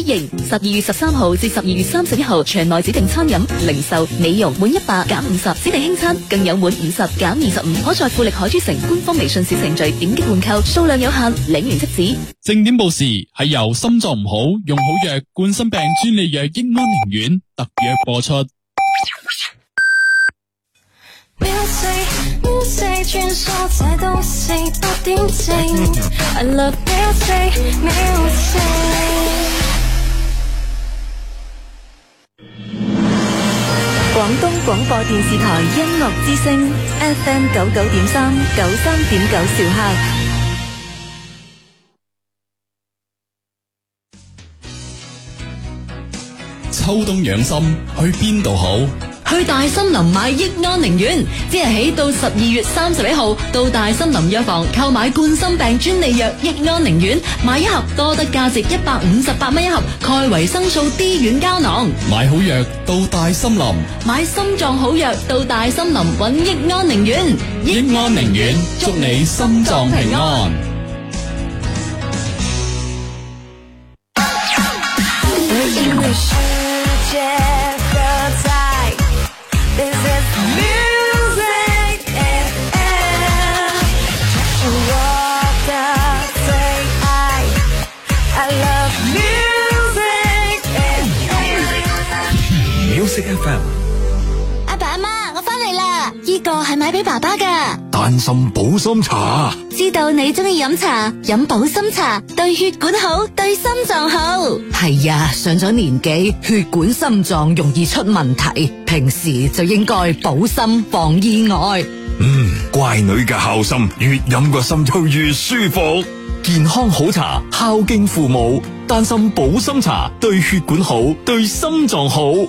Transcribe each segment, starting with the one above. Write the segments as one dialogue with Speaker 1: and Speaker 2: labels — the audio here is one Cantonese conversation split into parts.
Speaker 1: 十二月十三號至十二月三十一號，場內指定餐飲、零售、美容滿一百減五十，指定輕餐更有滿五十減二十五，可在富力海珠城官方微信小程序點擊換購，數量有限，領完即止。
Speaker 2: 正點報時係由心臟唔好用好藥冠心病專利藥益安寧丸特約播出。
Speaker 3: 廣東廣播
Speaker 4: 電視台音樂之聲 FM 九九點三九三點九兆赫，
Speaker 2: 秋冬養心去邊度好？
Speaker 4: 去大森林買益安寧丸，即日起到十二月三十一號，到大森林藥房購買冠心病專利藥益安寧丸，買一盒多得價值一百五十八蚊一盒鈣維生素 D 軟膠囊。買好藥到大森林，買心臟好藥到大森林，搵益安寧丸，益安寧丸祝你心臟
Speaker 2: 平
Speaker 3: 安。
Speaker 5: 係買俾爸爸噶
Speaker 2: 丹參保心茶。
Speaker 5: 知道你中意飲茶，飲保心茶對血管好，對心臟好。
Speaker 4: 係啊，上咗年紀，血管心臟容易出問題，平時就應該保心防意外。
Speaker 2: 嗯，乖女嘅孝心，越飲個心就越舒服。健康好茶，孝敬父母，丹參保心茶對血管好，對心臟好。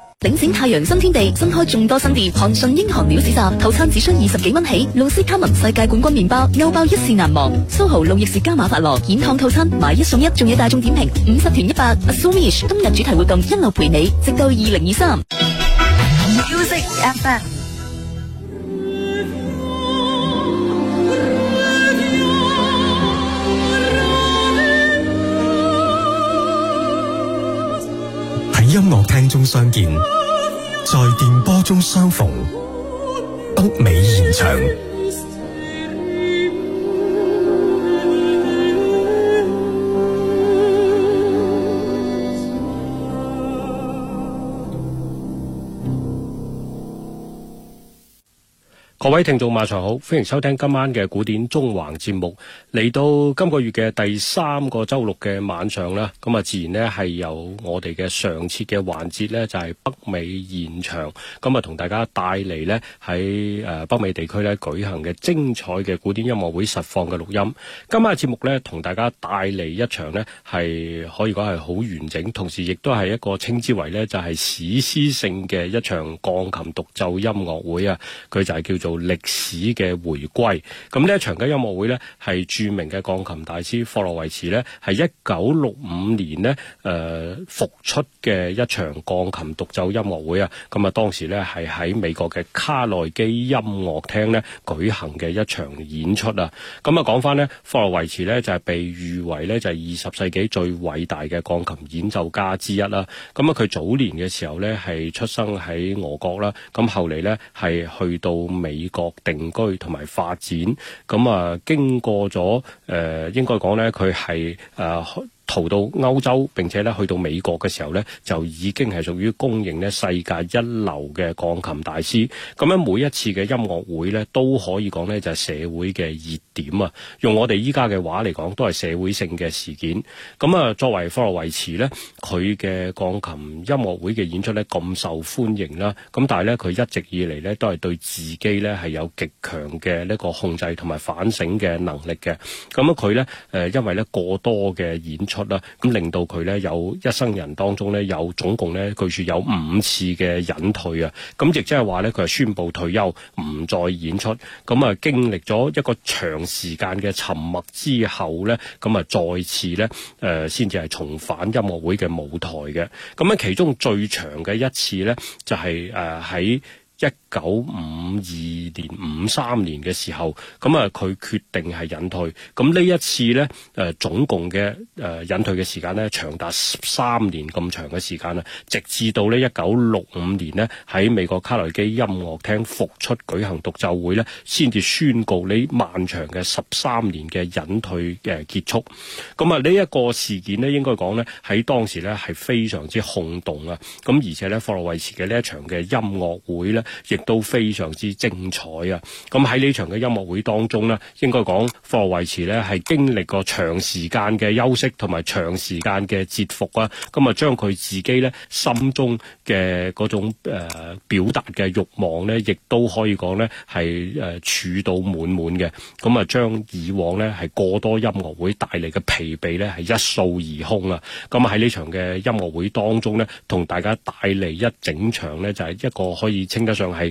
Speaker 1: 領展太陽新天地新開眾多新店，韓信英韓鳥子集套餐只需二十幾蚊起，露斯卡文世界冠軍麵包，歐包一試難忘。蘇豪路易斯加馬法羅演唱套餐買一送一，仲有大眾點評五十團一百。a 蘇、um、wish 今日主題活動一路陪你，直到二零二三。
Speaker 3: Music FM、啊。啊
Speaker 2: 音樂廳中相見，在電波中相逢，北美現場。
Speaker 6: 各位聽眾晚上好，歡迎收聽今晚嘅古典中環節目。嚟到今個月嘅第三個周六嘅晚上啦，咁啊，自然咧係由我哋嘅上次嘅環節咧，就係、是、北美現場，咁啊，同大家帶嚟咧喺誒北美地區咧舉行嘅精彩嘅古典音樂會實況嘅錄音。今晚嘅節目咧，同大家帶嚟一場咧係可以講係好完整，同時亦都係一個稱之為咧就係史詩性嘅一場鋼琴獨奏音樂會啊，佢就係叫做。歷史嘅回歸，咁呢一場嘅音樂會咧，係著名嘅鋼琴大師霍洛維茨咧，係一九六五年咧，誒、呃、復出嘅一場鋼琴獨奏音樂會啊，咁啊當時咧係喺美國嘅卡內基音樂廳咧舉行嘅一場演出啊，咁啊講翻咧，霍洛維茨咧就係、是、被譽為咧就係二十世紀最偉大嘅鋼琴演奏家之一啦、啊，咁啊佢早年嘅時候咧係出生喺俄國啦，咁後嚟咧係去到美。美國定居同埋發展，咁啊經過咗誒、呃，應該講咧，佢係誒逃到歐洲，並且咧去到美國嘅時候咧，就已經係屬於公認咧世界一流嘅鋼琴大師。咁樣每一次嘅音樂會咧，都可以講咧就係社會嘅熱點啊？用我哋依家嘅話嚟講，都係社會性嘅事件。咁啊，作為霍洛維茨呢佢嘅鋼琴音樂會嘅演出呢咁受歡迎啦。咁但係佢一直以嚟呢都係對自己呢係有極強嘅呢個控制同埋反省嘅能力嘅。咁啊，佢呢因為呢過多嘅演出啦，咁令到佢呢有一生人當中呢有總共呢據說有五次嘅引退啊。咁亦即係話呢佢係宣布退休，唔再演出。咁啊，經歷咗一個長。時間嘅沉默之後咧，咁啊再次咧，誒、呃，先至係重返音樂會嘅舞台嘅。咁咧其中最長嘅一次咧，就係誒喺一九五二年五三年嘅時候，咁啊佢決定係隱退。咁呢一次咧，誒總共嘅誒隱退嘅時間咧，長達十三年咁長嘅時間啦，直至到咧一九六五年咧，喺美國卡內基音樂廳復出舉行獨奏會咧，先至宣告呢漫長嘅十三年嘅隱退嘅結束。咁啊呢一個事件咧，應該講咧喺當時咧係非常之轟動啊！咁而且咧，霍洛維茨嘅呢一場嘅音樂會咧，亦都非常之精彩啊！咁喺呢場嘅音樂會當中咧，應該講霍羅維茨咧係經歷過長時間嘅休息同埋長時間嘅蟄伏啊！咁啊將佢自己咧心中嘅嗰種誒表達嘅欲望咧，亦都可以講咧係誒儲到滿滿嘅。咁啊將以往咧係過多音樂會帶嚟嘅疲憊咧係一掃而空啦，啊！咁喺呢場嘅音樂會當中咧，同大家帶嚟一整場咧就係、是、一個可以稱得上係。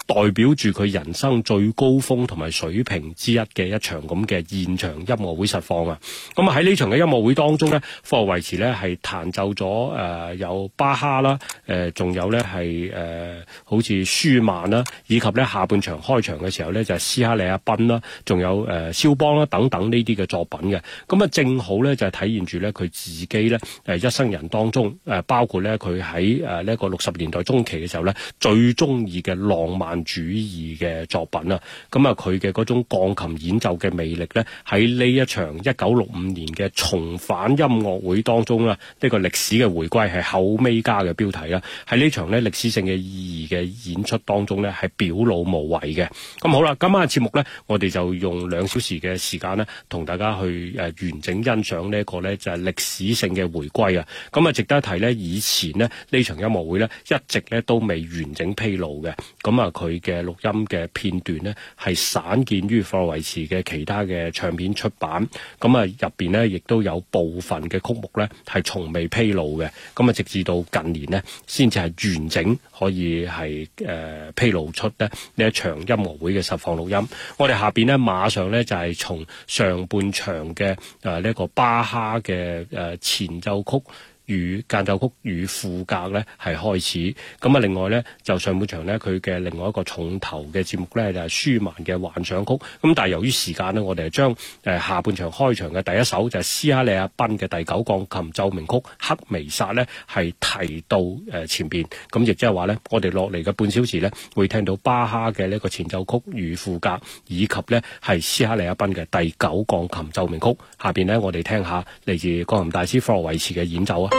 Speaker 6: 代表住佢人生最高峰同埋水平之一嘅一場咁嘅現場音樂會實況啊！咁啊喺呢場嘅音樂會當中咧，霍洛維茲咧係彈奏咗誒、呃、有巴哈啦，誒、呃、仲有咧係誒好似舒曼啦，以及咧下半場開場嘅時候咧就係斯克里亞賓啦，仲有誒肖、呃、邦啦等等呢啲嘅作品嘅。咁啊正好咧就係、是、體現住咧佢自己咧誒一生人當中誒、呃、包括咧佢喺誒呢一個六十年代中期嘅時候咧最中意嘅浪漫主義嘅作品啦，咁啊佢嘅嗰種鋼琴演奏嘅魅力咧，喺呢一場一九六五年嘅重返音樂會當中啦，呢個歷史嘅回歸係後尾加嘅標題啦，喺呢場咧歷史性嘅意義嘅演出當中咧，係表露無遺嘅。咁好啦，今晚嘅節目咧，我哋就用兩小時嘅時間咧，同大家去誒完整欣賞呢一個咧就係歷史性嘅回歸啊。咁啊，值得一提咧，以前咧呢場音樂會咧一直咧都未完整披露嘅，咁啊佢。佢嘅錄音嘅片段呢，係散見於霍羅維茨嘅其他嘅唱片出版，咁啊入邊呢亦都有部分嘅曲目呢，係從未披露嘅，咁啊直至到近年呢，先至係完整可以係誒、呃、披露出咧呢一場音樂會嘅實況錄音。我哋下邊呢，馬上呢就係、是、從上半場嘅誒呢個巴哈嘅誒、呃、前奏曲。與間奏曲與副格咧係開始，咁啊另外咧就上半場咧佢嘅另外一個重頭嘅節目咧就係舒曼嘅幻想曲，咁但係由於時間呢，我哋係將誒下半場開場嘅第一首就係、是、斯哈利亞賓嘅第九鋼琴奏鳴曲黑彌撒咧係提到誒前邊，咁亦即係話咧我哋落嚟嘅半小時咧會聽到巴哈嘅呢個前奏曲與副格以及咧係斯哈利亞賓嘅第九鋼琴奏鳴曲，下邊咧我哋聽下嚟自鋼琴大師霍洛維茨嘅演奏啊！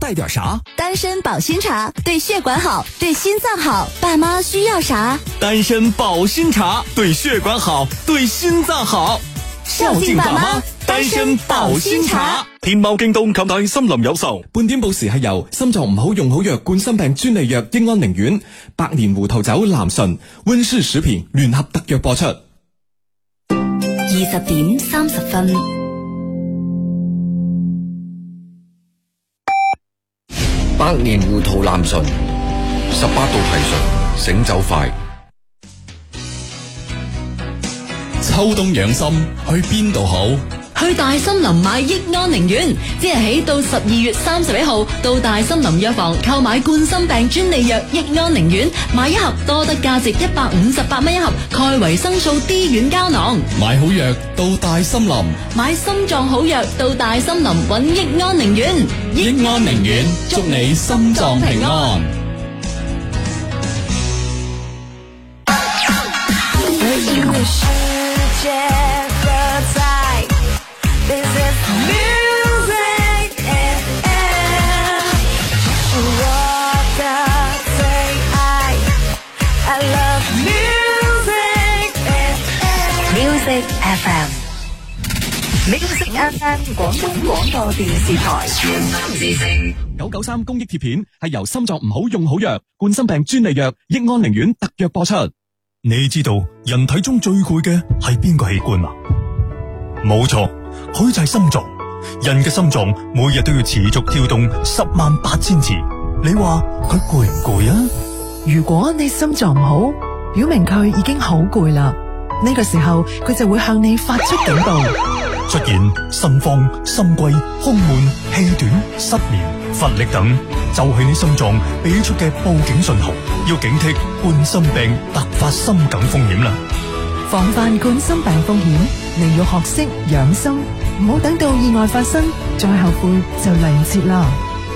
Speaker 5: 帶點啥？丹參保心茶對血管好，對心臟好。爸媽需要啥？
Speaker 2: 丹參保心茶對血管好，對心臟好。孝敬爸媽，丹參保心茶。茶天貓、京東購買，森林有售。半點報時係由，心臟唔好用好藥，冠心病專利藥益安寧丸，百年胡桃酒、南神溫氏食品聯合特約播出。
Speaker 5: 二十點三十分。
Speaker 2: 百年胡桃南順，十八度提純，醒酒快。秋冬養心，去邊度好？
Speaker 4: 去大森林買益安寧丸，即日起到十二月三十一號，到大森林藥房購買冠心病專利藥益安寧丸，買一盒多得價值一百五十八蚊一盒鈣維生素 D 軟膠囊。
Speaker 2: 買好藥到大森林，
Speaker 4: 買心臟好藥到大森林，搵益安寧丸，益安
Speaker 2: 寧丸，祝你心臟平安。
Speaker 7: 你
Speaker 8: 認識啱啱，廣東廣播
Speaker 7: 電
Speaker 2: 視台九九三公益貼片係由心臟唔好用好藥冠心病專利藥益安寧丸特約播出。你知道人體中最攰嘅係邊個器官啊？冇錯，佢就係心臟。人嘅心臟每日都要持續跳動
Speaker 8: 十萬八千次。你話佢攰唔攰啊？如果你心臟唔好，表明佢已經好攰啦。呢個時候佢就會向你發出警告。出現心慌、心悸、胸悶、氣短、失眠、
Speaker 2: 乏力等，就係你心臟俾出嘅報警信號，要警惕冠心
Speaker 8: 病突發心梗風險啦。防範冠心病風險，你要學識養生，唔好等到意外發生再後悔就嚟唔切啦。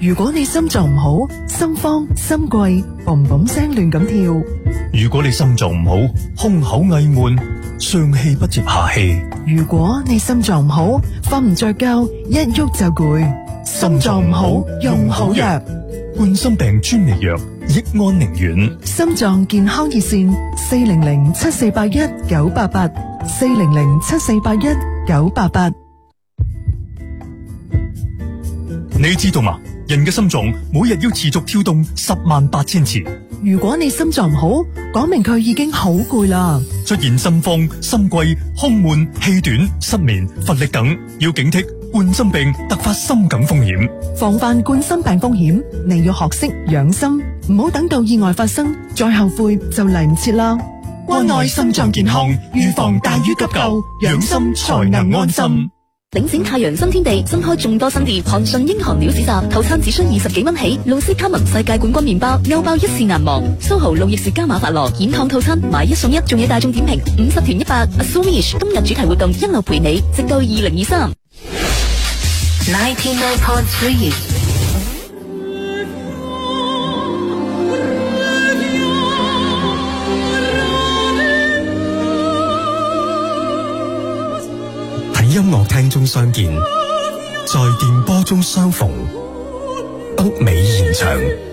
Speaker 8: 如果你心臟唔好，心慌心悸，嘣嘣聲亂咁跳；
Speaker 2: 如果你心臟唔好，胸口翳悶，上氣不接下氣；
Speaker 8: 如果你心臟唔好，瞓唔着覺，一喐就攰。心臟唔好用好藥，冠心
Speaker 2: 病專利藥益安寧丸。
Speaker 8: 心臟健康熱線：四零零七四八一九八八，四零零七四八一九八八。
Speaker 2: 你知道嗎？人嘅心臟每日要持續跳動十萬八千次。
Speaker 8: 如果你心臟唔好，講明佢已經好攰啦。
Speaker 2: 出現心慌、心悸、胸悶、氣短、失眠、乏力等，要警惕冠心病突發心梗風險。
Speaker 8: 防範冠心病風險，你要學識養心，唔好等到意外發生再後悔就嚟唔切啦。關愛心
Speaker 1: 臟健康，預防大於急救，養心才能安心。領展太陽新天地新開眾多新店，韓信英航料屎集套餐只需二十幾蚊起，露斯卡文世界冠軍麵包，歐包一試難忘。蘇豪路易士加馬法羅，演糖套餐買一送一，仲有大眾點評五十團一百。s h 今日主題活動一路陪你，直到二零二三。Ninety nine point three。
Speaker 2: 相見，在電波中相逢，北美現場。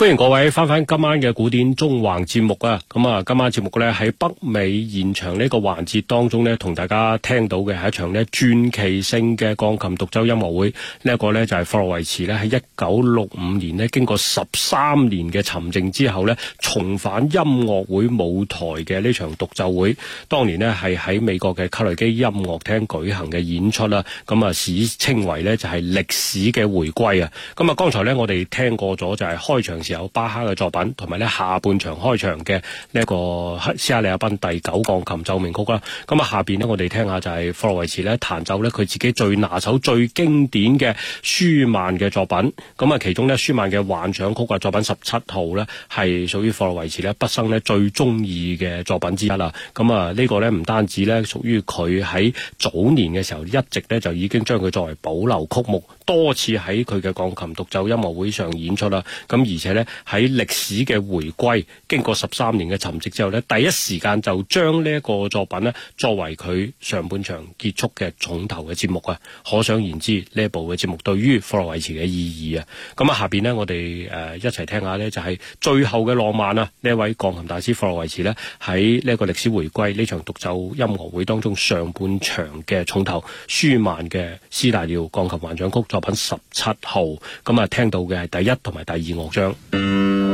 Speaker 6: 歡迎各位翻翻今晚嘅古典縱橫節目啊！咁啊，今晚節目咧喺北美現場呢個環節當中咧，同大家聽到嘅係一場咧傳奇性嘅鋼琴獨奏音樂會。這個、呢一個咧就係霍洛維茨咧喺一九六五年咧，經過十三年嘅沉靜之後咧，重返音樂會舞台嘅呢場獨奏會。當年咧係喺美國嘅卡內基音樂廳舉行嘅演出啦。咁啊，史稱為咧就係歷史嘅回歸啊！咁啊，剛才咧我哋聽過咗就係開場。有巴哈嘅作品，同埋咧下半場開場嘅呢一個斯克里亞賓第九鋼琴奏鳴曲啦。咁啊下邊呢，我哋聽下就係霍洛維茨咧彈奏咧佢自己最拿手、最經典嘅舒曼嘅作品。咁啊其中呢，舒曼嘅幻想曲嘅、啊、作品十七號呢，係屬於霍洛維茨咧畢生咧最中意嘅作品之一啦。咁啊呢、啊這個呢，唔單止呢屬於佢喺早年嘅時候一直呢，就已經將佢作為保留曲目。多次喺佢嘅鋼琴獨奏音樂會上演出啦，咁而且咧喺歷史嘅回歸，經過十三年嘅沉寂之後咧，第一時間就將呢一個作品咧作為佢上半場結束嘅重頭嘅節目啊！可想而知呢一部嘅節目對於霍洛維茨嘅意義啊！咁啊，下邊咧我哋誒一齊聽一下咧，就係最後嘅浪漫啊！呢一位鋼琴大師霍洛維茨咧喺呢一個歷史回歸呢場獨奏音樂會當中上半場嘅重頭舒曼嘅《C 大調鋼琴幻想曲》作。品十七號，咁啊聽到嘅係第一同埋第二樂章。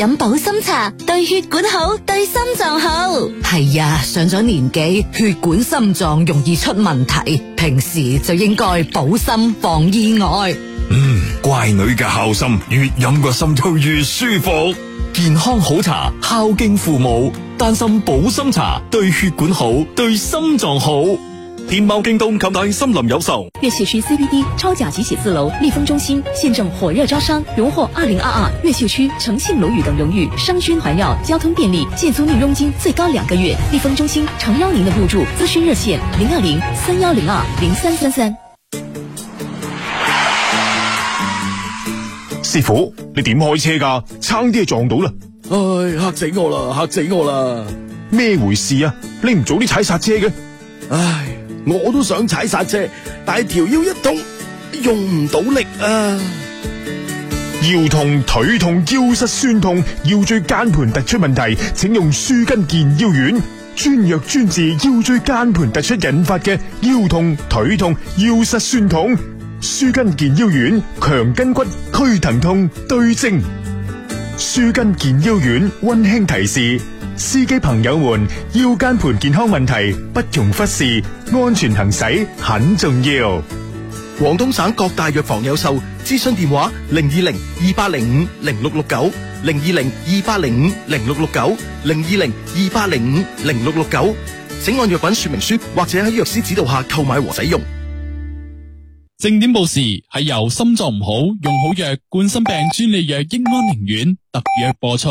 Speaker 5: 飲保心茶，對血管
Speaker 4: 好，對心臟好。係啊，上咗年紀，血管心臟容易出問題，平時就應該保心防意外。嗯，乖
Speaker 2: 女嘅孝心，越飲個心就越舒服。健康好茶，孝敬父母，擔心保心茶，對血管好，對心臟好。天貓、京東、及大森林有售。
Speaker 1: 越秀區 CBD 超甲級寫字樓立峰中心現正火熱招商，榮獲 22, 榮獲二零二二越秀區誠信樓宇等榮譽，商圈環繞，交通便利，現租淨佣金最高兩個月。立峰中心誠邀您的入住，諮詢熱線：零二零三幺零二零三三三。
Speaker 2: 師傅，你點開車噶？差啲就撞到啦！
Speaker 1: 唉、哎，吓死我啦！
Speaker 2: 吓死我啦！咩回事啊？你唔早啲踩剎車嘅？唉、哎。我都想踩剎車，但係條腰一動，用唔到力啊！腰痛、腿痛、腰膝痠痛、腰椎間盤突出問題，請用舒筋健腰丸，專藥專治腰椎間盤突出引發嘅腰痛、腿痛、腰膝痠痛。舒筋健腰丸，強筋骨，驅疼痛，對症。舒筋健腰丸，温馨提示。司機朋友們，腰間盤健康問題不容忽視，安全行駛很重要。廣東省各大藥房有售，諮詢電話：零二零二八零五零六六九，零二零二八零五零六六九，零二零二八零五零六六九。69, 69, 69，請按藥品說明書或者喺藥師指導下購買和使用。正點報時係由心臟唔好用好藥冠心病專利藥英安寧丸特約播出。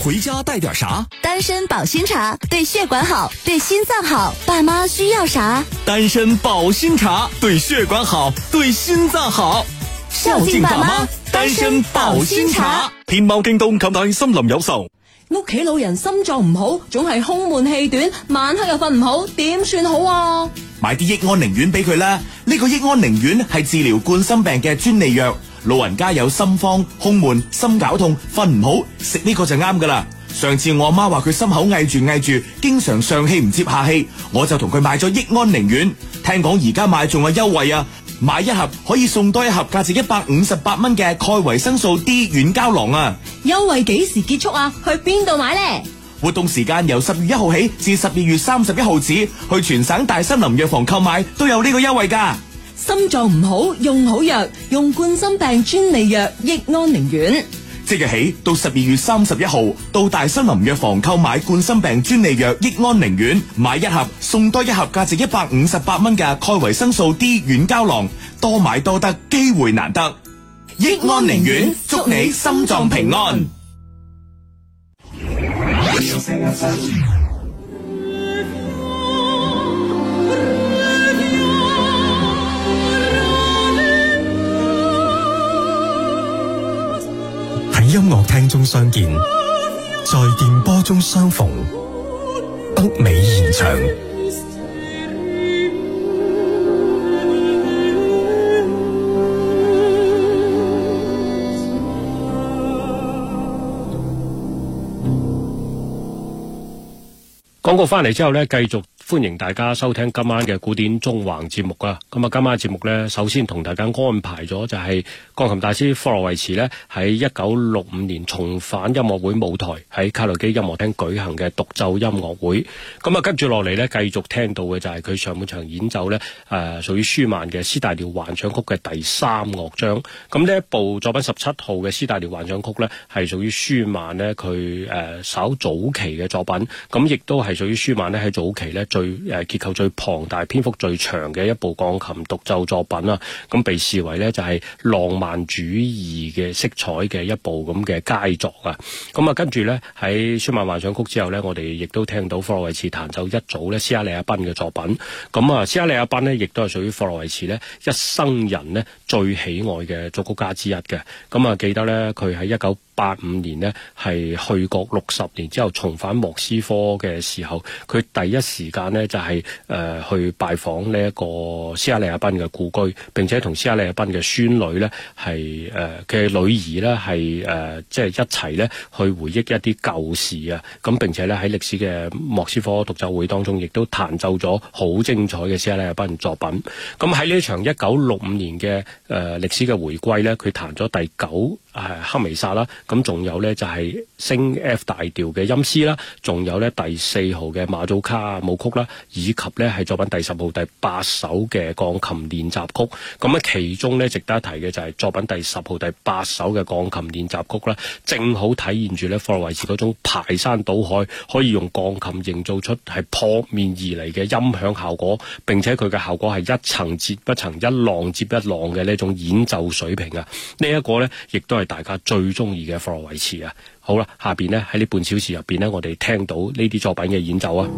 Speaker 2: 回家帶點啥？
Speaker 5: 單身保心茶，對血管好，對心臟好。爸媽需要啥？
Speaker 2: 單身保心茶，對血管好，對心臟好。孝敬爸媽，單身保心茶。天貓京東，咁等心冷有售。
Speaker 4: 屋企老人心臟唔好，總係胸悶氣短，晚黑又瞓唔好，點算好啊？
Speaker 2: 買啲益安寧丸俾佢啦。呢個益安寧丸係治療冠心病嘅專利藥。老人家有心慌、胸悶、心絞痛、瞓唔好，食呢個就啱噶啦。上次我阿媽話佢心口翳住翳住，經常上氣唔接下氣，我就同佢買咗益安寧丸。聽講而家買仲有優惠啊，買一盒可以送多一盒價值一百五十八蚊嘅鈣維生素 D 軟膠囊啊。
Speaker 4: 優惠幾時結束啊？去邊度買呢？
Speaker 2: 活動時間由十月一號起至十二月三十一號止，去全省大森林藥房購買都有呢個優惠噶。
Speaker 4: 心臟唔好，用好藥，用冠心病專利藥益安寧丸。
Speaker 2: 即日起到十二月三十一號，到大森林藥房購買冠心病專利藥益安寧丸，買一盒送多一盒價值一百五十八蚊嘅鈣維生素 D 軟膠囊，多買多得，機會難得。益安寧丸，祝你心臟平安。音樂廳中相見，在電波中相逢，北美現場。
Speaker 6: 廣告翻嚟之後呢，繼續歡迎大家收聽今晚嘅古典縱橫節目啊！咁啊，今晚節目呢，首先同大家安排咗就係、是。鋼琴大師，霍洛維茨咧喺一九六五年重返音樂會舞台，喺卡內基音樂廳舉行嘅獨奏音樂會。咁啊，跟住落嚟咧繼續聽到嘅就係佢上半場演奏咧誒，屬於舒曼嘅《C 大調幻想曲》嘅第三樂章。咁呢一部作品十七號嘅《C 大調幻想曲》咧係屬於舒曼咧佢誒稍早期嘅作品，咁亦都係屬於舒曼咧喺早期咧最誒結構最龐大、篇幅最長嘅一部鋼琴獨奏作品啦。咁被視為咧就係浪漫漫主義嘅色彩嘅一部咁嘅佳作啊！咁啊，跟住咧喺《舒曼幻想曲》之後咧，我哋亦都聽到霍洛維茨彈奏一組咧斯卡利亞賓嘅作品。咁啊，斯卡利亞賓咧亦都係屬於霍洛維茨咧一生人咧最喜愛嘅作曲家之一嘅。咁、嗯、啊，記得咧佢喺一九八五年呢，係去國六十年之後重返莫斯科嘅時候，佢第一時間呢、就是，就係誒去拜訪呢一個斯卡利亞賓嘅故居，並且同斯卡利亞賓嘅孫女呢，係誒嘅女兒呢，係誒即係一齊呢，去回憶一啲舊事啊！咁並且呢，喺歷史嘅莫斯科獨奏會當中，亦都彈奏咗好精彩嘅斯卡利亞賓作品。咁喺呢場一九六五年嘅誒、呃、歷史嘅回歸呢，佢彈咗第九誒黑彌撒啦。呃咁仲有咧就係升 F 大調嘅音詩啦，仲有咧第四號嘅馬祖卡舞曲啦，以及咧係作品第十號第八首嘅鋼琴練習曲。咁啊，其中咧值得一提嘅就係作品第十號第八首嘅鋼琴練習曲啦，正好體現住咧霍洛維茨嗰種排山倒海，可以用鋼琴營造出係撲面而嚟嘅音響效果，並且佢嘅效果係一層接一層一浪接一浪嘅呢種演奏水平啊！呢、這、一個咧，亦都係大家最中意嘅。維持啊，好啦，下邊呢，喺呢半小時入邊呢，我哋聽到呢啲作品嘅演奏啊。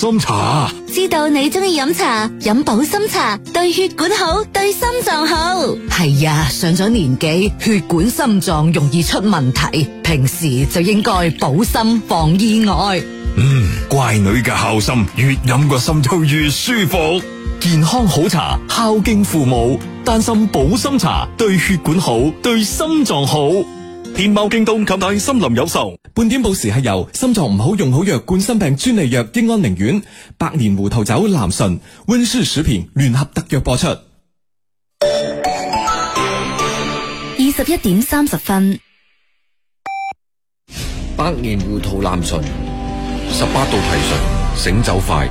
Speaker 2: 心
Speaker 4: 茶，
Speaker 5: 知道你中意飲茶，飲保心茶對血管好，對心
Speaker 4: 臟好。係呀，上咗年紀，血管心臟容易出問題，平時就應該保心防意外。
Speaker 2: 嗯，乖女嘅孝心，越飲個心就越舒服，健康好茶孝敬父母，擔心保心茶對血管好，對心臟好。天貓、京東及大森林有售。半點報時係，由心臟唔好用好藥，冠心病專利藥益安寧丸，百年胡桃酒巡，南醇。溫氏食品聯合特約播出。二
Speaker 5: 十一點三十分，
Speaker 2: 百年胡桃南醇，十八度提醇，醒酒快。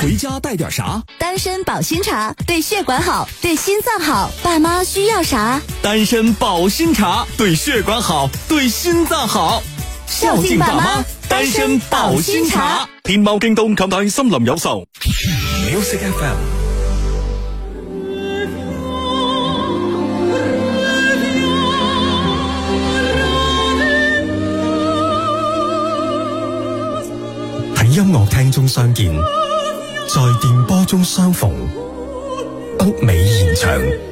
Speaker 2: 回家帶點啥？
Speaker 5: 丹參保心茶對血管好，對心臟好。爸媽需要啥？
Speaker 2: 丹參保心茶對血管好，對心臟好，孝敬爸媽。丹參保心茶，天貓、京東購買，森林有售。Music FM。音樂在音樂廳中相見。在電波中相逢，
Speaker 7: 北美現場。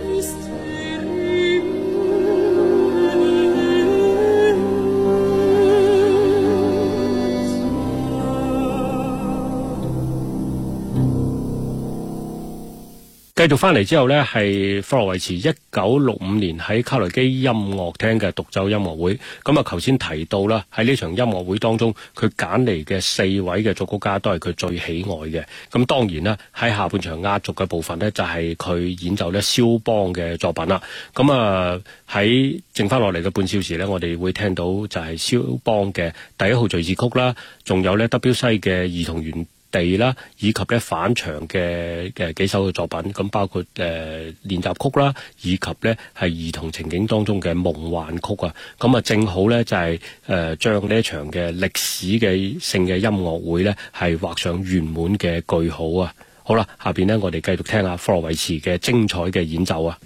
Speaker 6: 繼續翻嚟，之後呢係霍羅維茨一九六五年喺卡雷基音樂廳嘅獨奏音樂會。咁啊，頭先提到啦，喺呢場音樂會當中，佢揀嚟嘅四位嘅作曲家都係佢最喜愛嘅。咁當然啦，喺下半場壓軸嘅部分呢，就係、是、佢演奏呢肖邦嘅作品啦。咁啊、呃，喺剩翻落嚟嘅半小時呢，我哋會聽到就係肖邦嘅第一號敘事曲啦，仲有呢 W 西嘅兒童園地啦，以及咧反場嘅嘅幾首嘅作品，咁包括誒練習曲啦，以及咧係兒童情景當中嘅夢幻曲啊，咁啊正好咧就係誒將呢一場嘅歷史嘅性嘅音樂會咧係畫上圓滿嘅句號啊！好啦，下邊呢，我哋繼續聽下弗洛維茨嘅精彩嘅演奏啊！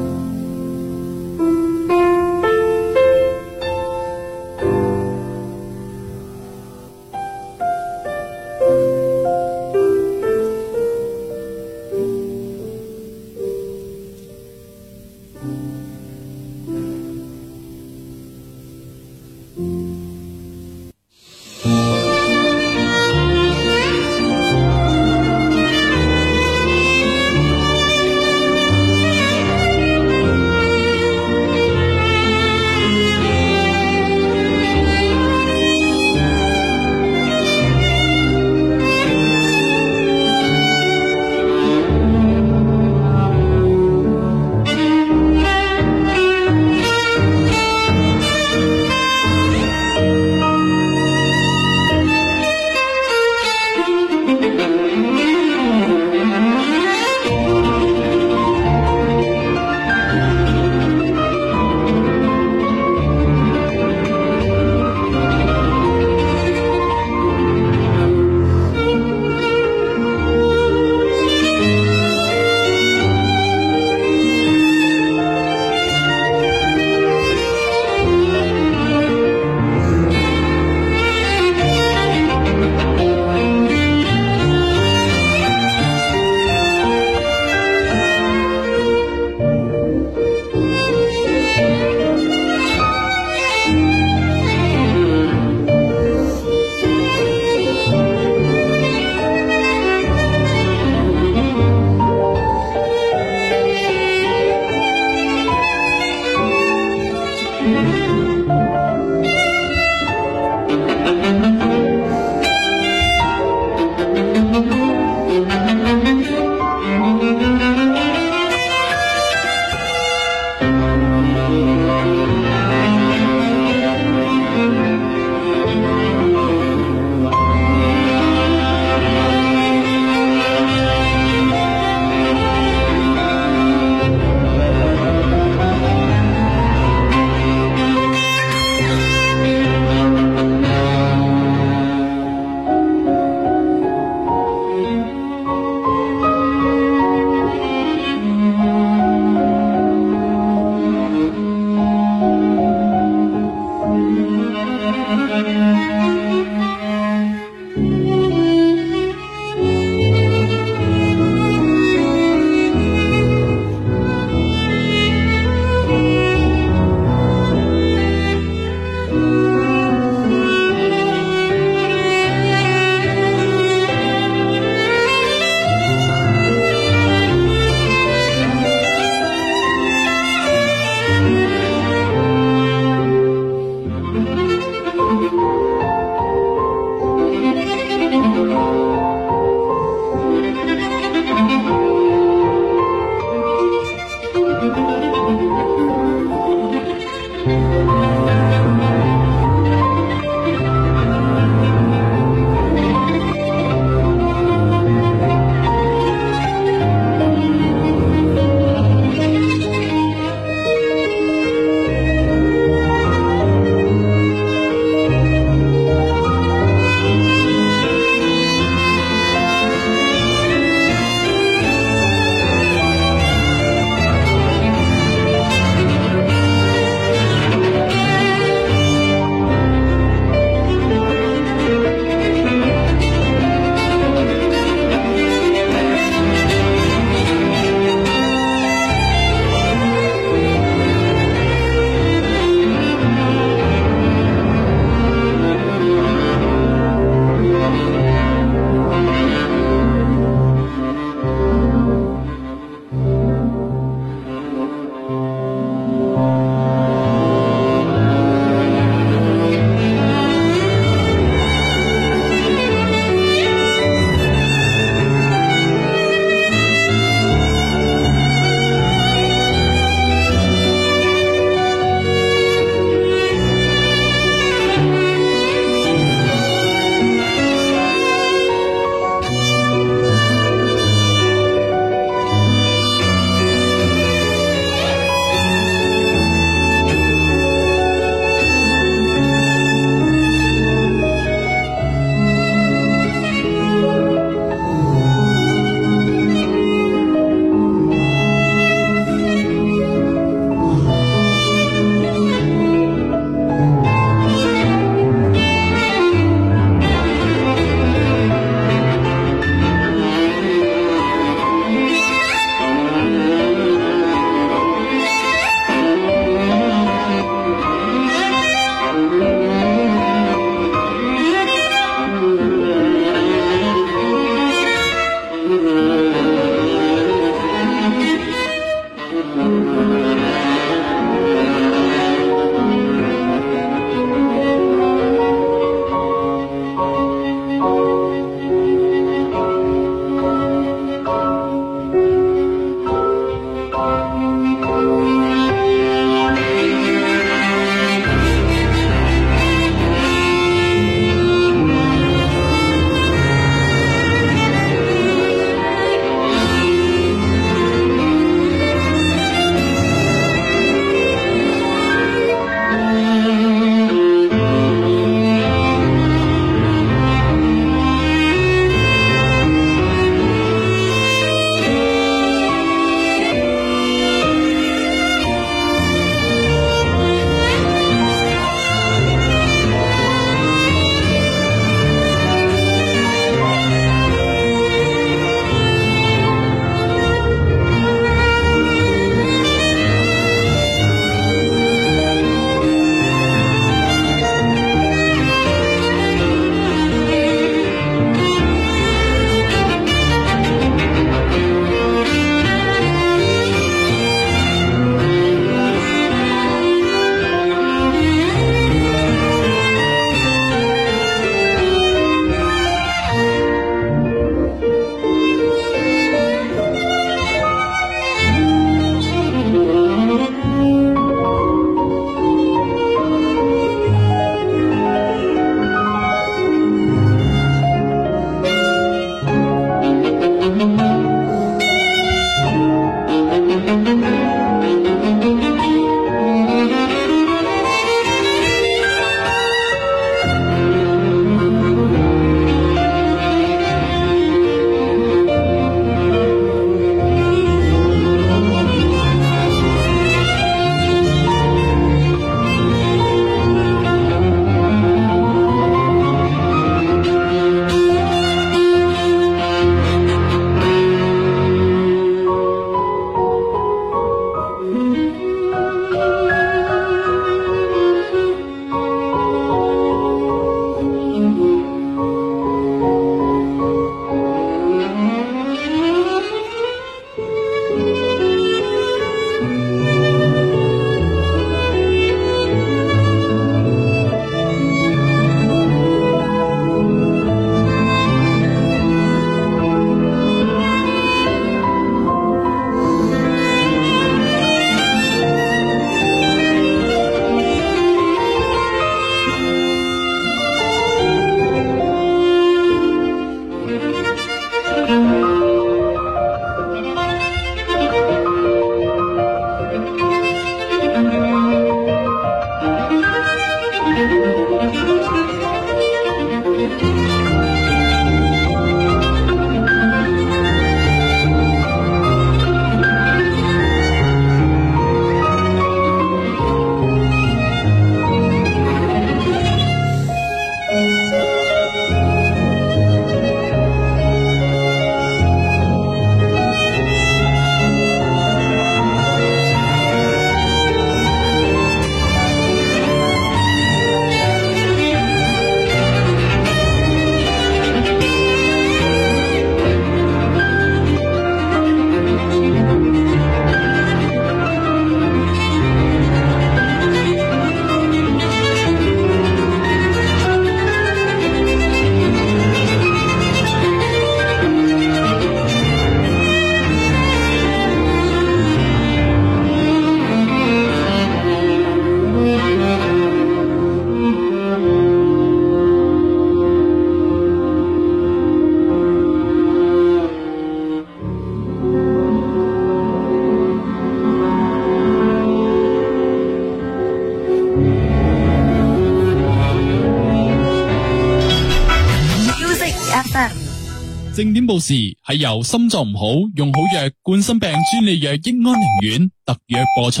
Speaker 2: 時時到時係由心臟唔好用好藥，冠心病專利藥益安寧丸特約播出。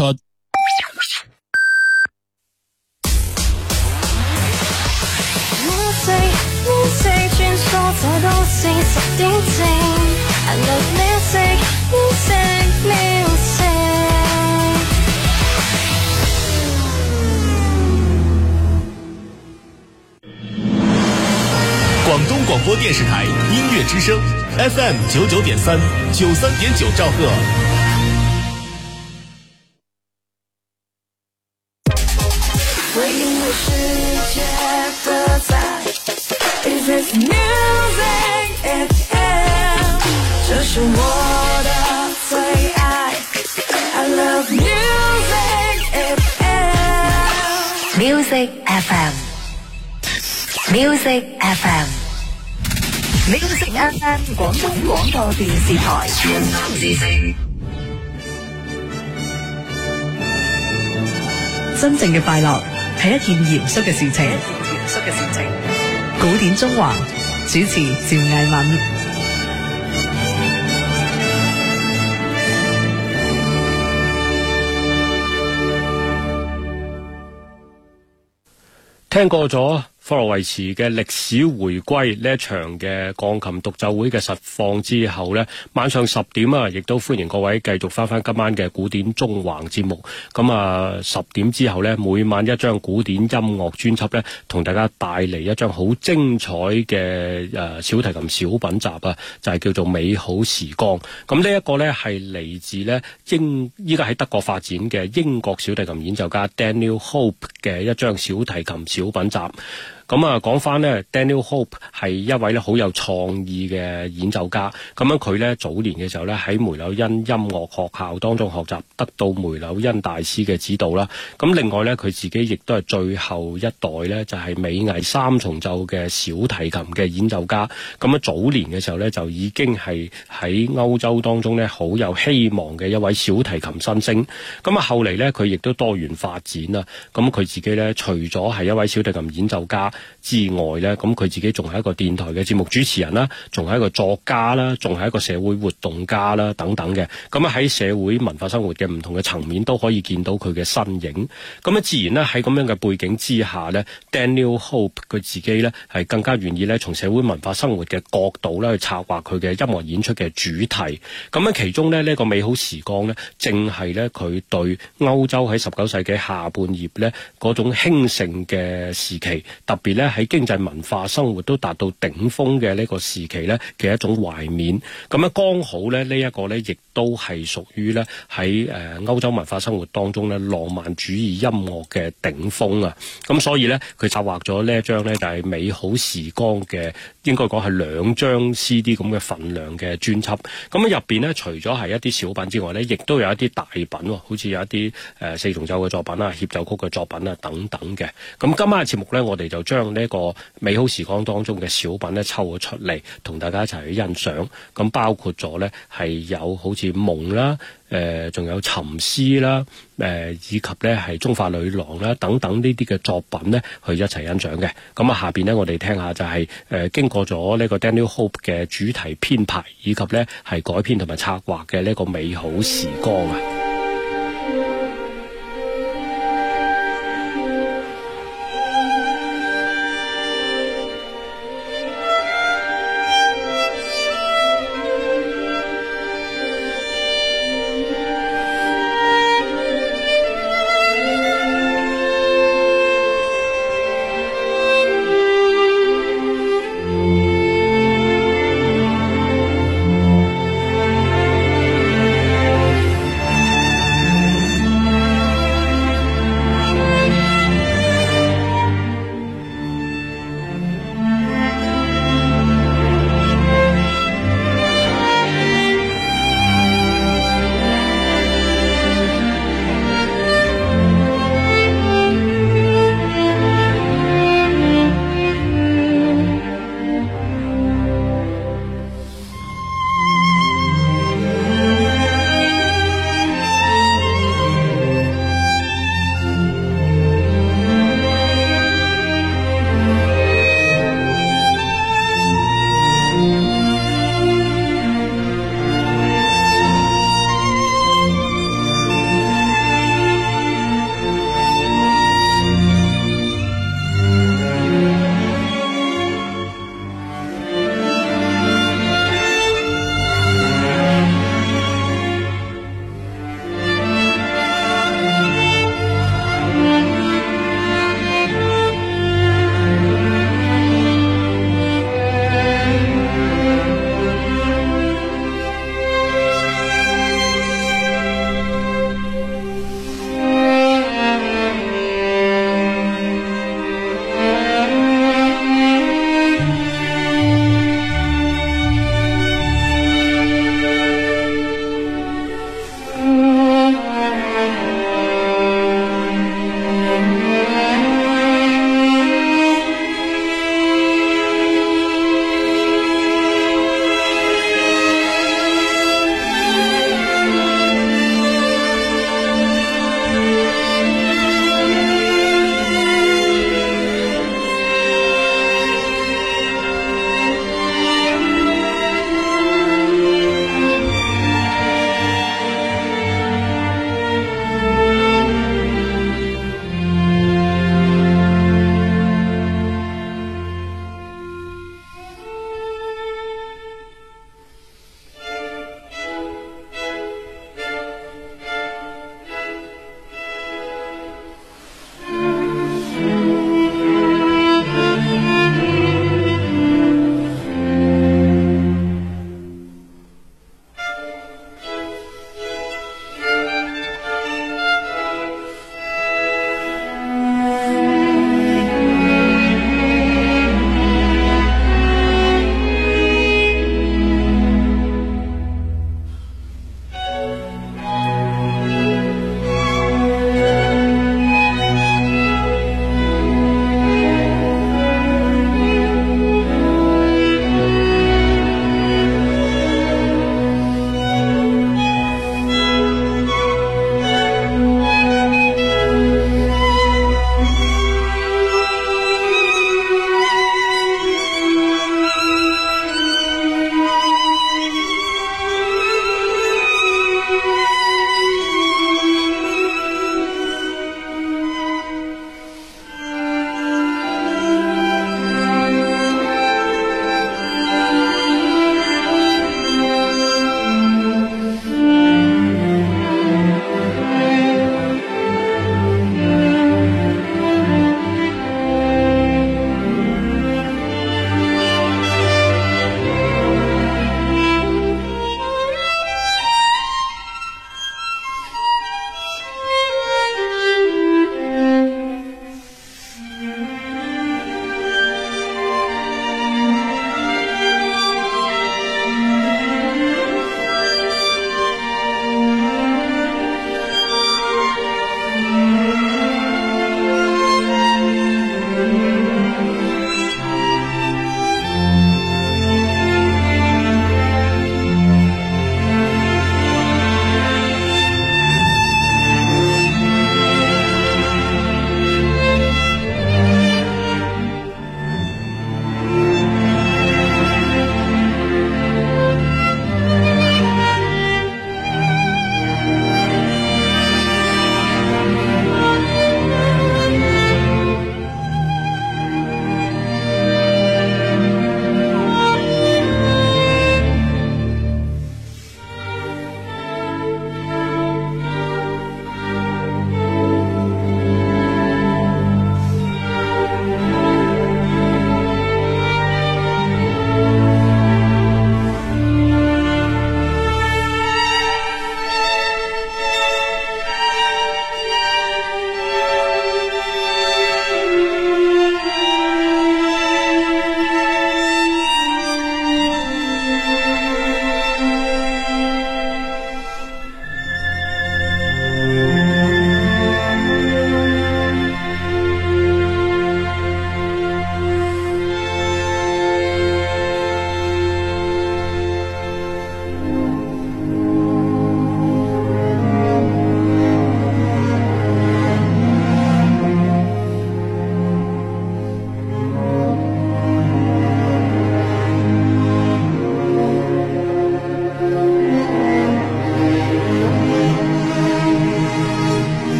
Speaker 2: 電視台音樂之聲，FM 九九點三，九三點
Speaker 7: 九兆赫。
Speaker 1: 電
Speaker 8: 視台，真正嘅快樂係一件嚴肅嘅事情。古典縱橫主持趙毅敏，
Speaker 6: 聽過咗。霍洛維茨嘅歷史回歸呢一場嘅鋼琴獨奏會嘅實況之後呢，晚上十點啊，亦都歡迎各位繼續翻翻今晚嘅古典縱橫節目。咁、嗯、啊，十點之後呢，每晚一張古典音樂專輯呢，同大家帶嚟一張好精彩嘅誒小提琴小品集啊，就係、是、叫做美好時光。咁呢一個呢，係、嗯、嚟、嗯嗯、自呢英依家喺德國發展嘅英國小提琴演奏家 Daniel Hope 嘅一張小提琴小品集。咁啊，講翻呢 Daniel Hope 係一位咧好有創意嘅演奏家。咁樣佢呢，早年嘅時候呢，喺梅紐恩音樂學校當中學習，得到梅紐恩大師嘅指導啦。咁另外呢，佢自己亦都係最後一代呢，就係美藝三重奏嘅小提琴嘅演奏家。咁啊早年嘅時候呢，就已經係喺歐洲當中呢，好有希望嘅一位小提琴新星。咁啊，後嚟呢，佢亦都多元發展啦。咁佢自己呢，除咗係一位小提琴演奏家，之外呢，咁佢自己仲係一個電台嘅節目主持人啦，仲係一個作家啦，仲係一個社會活動家啦，等等嘅。咁啊喺社會文化生活嘅唔同嘅層面都可以見到佢嘅身影。咁啊，自然呢，喺咁樣嘅背景之下呢，Daniel Hope 佢自己呢係更加願意呢，從社會文化生活嘅角度咧去策劃佢嘅音樂演出嘅主題。咁啊，其中呢，呢、呢個美好時光呢，正係呢，佢對歐洲喺十九世紀下半葉呢嗰種興盛嘅時期特別。而咧喺經濟文化生活都達到頂峰嘅呢個時期呢嘅一種懷念，咁咧剛好咧呢一個呢亦都係屬於呢喺誒歐洲文化生活當中呢浪漫主義音樂嘅頂峰啊，咁所以呢，佢策劃咗呢一張呢，就係美好時光嘅。應該講係兩張 CD 咁嘅份量嘅專輯，咁喺入面呢，除咗係一啲小品之外呢亦都有一啲大品、哦，好似有一啲、呃、四重奏嘅作品啦、協奏曲嘅作品啦等等嘅。咁今晚嘅節目呢，我哋就將呢個美好時光當中嘅小品呢抽咗出嚟，同大家一齊去欣賞。咁包括咗呢係有好似夢啦、仲、呃、有沉思啦、呃、以及呢係中法女郎啦等等呢啲嘅作品呢去一齊欣賞嘅。咁啊，下面呢，我哋聽下就係、呃、經。呃過咗呢個 Daniel Hope 嘅主題編排，以及呢係改編同埋策劃嘅呢個美好時光啊！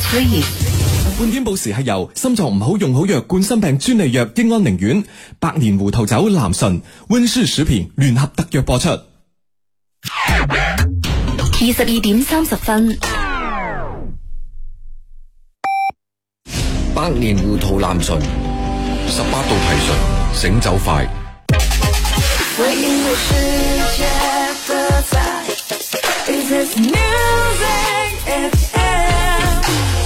Speaker 2: 歡迎，對《半點報時》係由心臟唔好用好藥冠心病專利藥益安寧丸、百年胡桃酒、男神溫舒薯片聯合特約播出。二
Speaker 1: 十二點三十分，
Speaker 2: 百年胡桃藍醇，十八度提純，醒酒
Speaker 3: 快。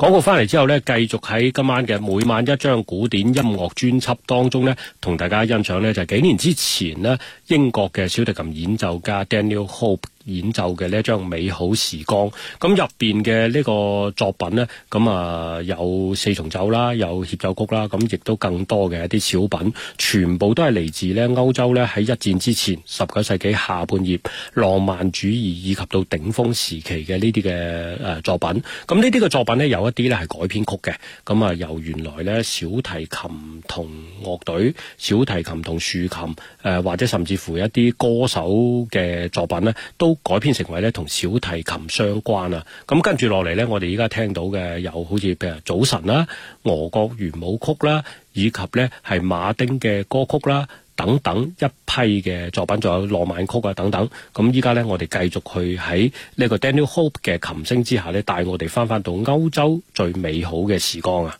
Speaker 6: 講過翻嚟之後呢繼續喺今晚嘅每晚一張古典音樂專輯當中呢同大家欣賞呢就係幾年之前呢英國嘅小提琴演奏家 Daniel Hope。演奏嘅呢一張美好時光，咁入邊嘅呢個作品咧，咁啊有四重奏啦，有協奏曲啦，咁亦都更多嘅一啲小品，全部都係嚟自咧歐洲咧喺一戰之前十九世紀下半葉浪漫主義以及到頂峰時期嘅呢啲嘅誒作品。咁呢啲嘅作品咧，有一啲咧係改編曲嘅，咁啊由原來咧小提琴同樂隊小提琴同豎琴誒或者甚至乎一啲歌手嘅作品咧都。改編成為咧同小提琴相關啊，咁跟住落嚟呢，我哋依家聽到嘅有好似譬如早晨啦，啊、俄國圓舞曲啦，啊，以及呢係馬丁嘅歌曲啦，啊、等等一批嘅作品，仲有浪漫曲啊等等。咁依家呢，我哋繼續去喺呢個 Daniel Hope 嘅琴聲之下呢，帶我哋翻翻到歐洲最美好嘅時光啊！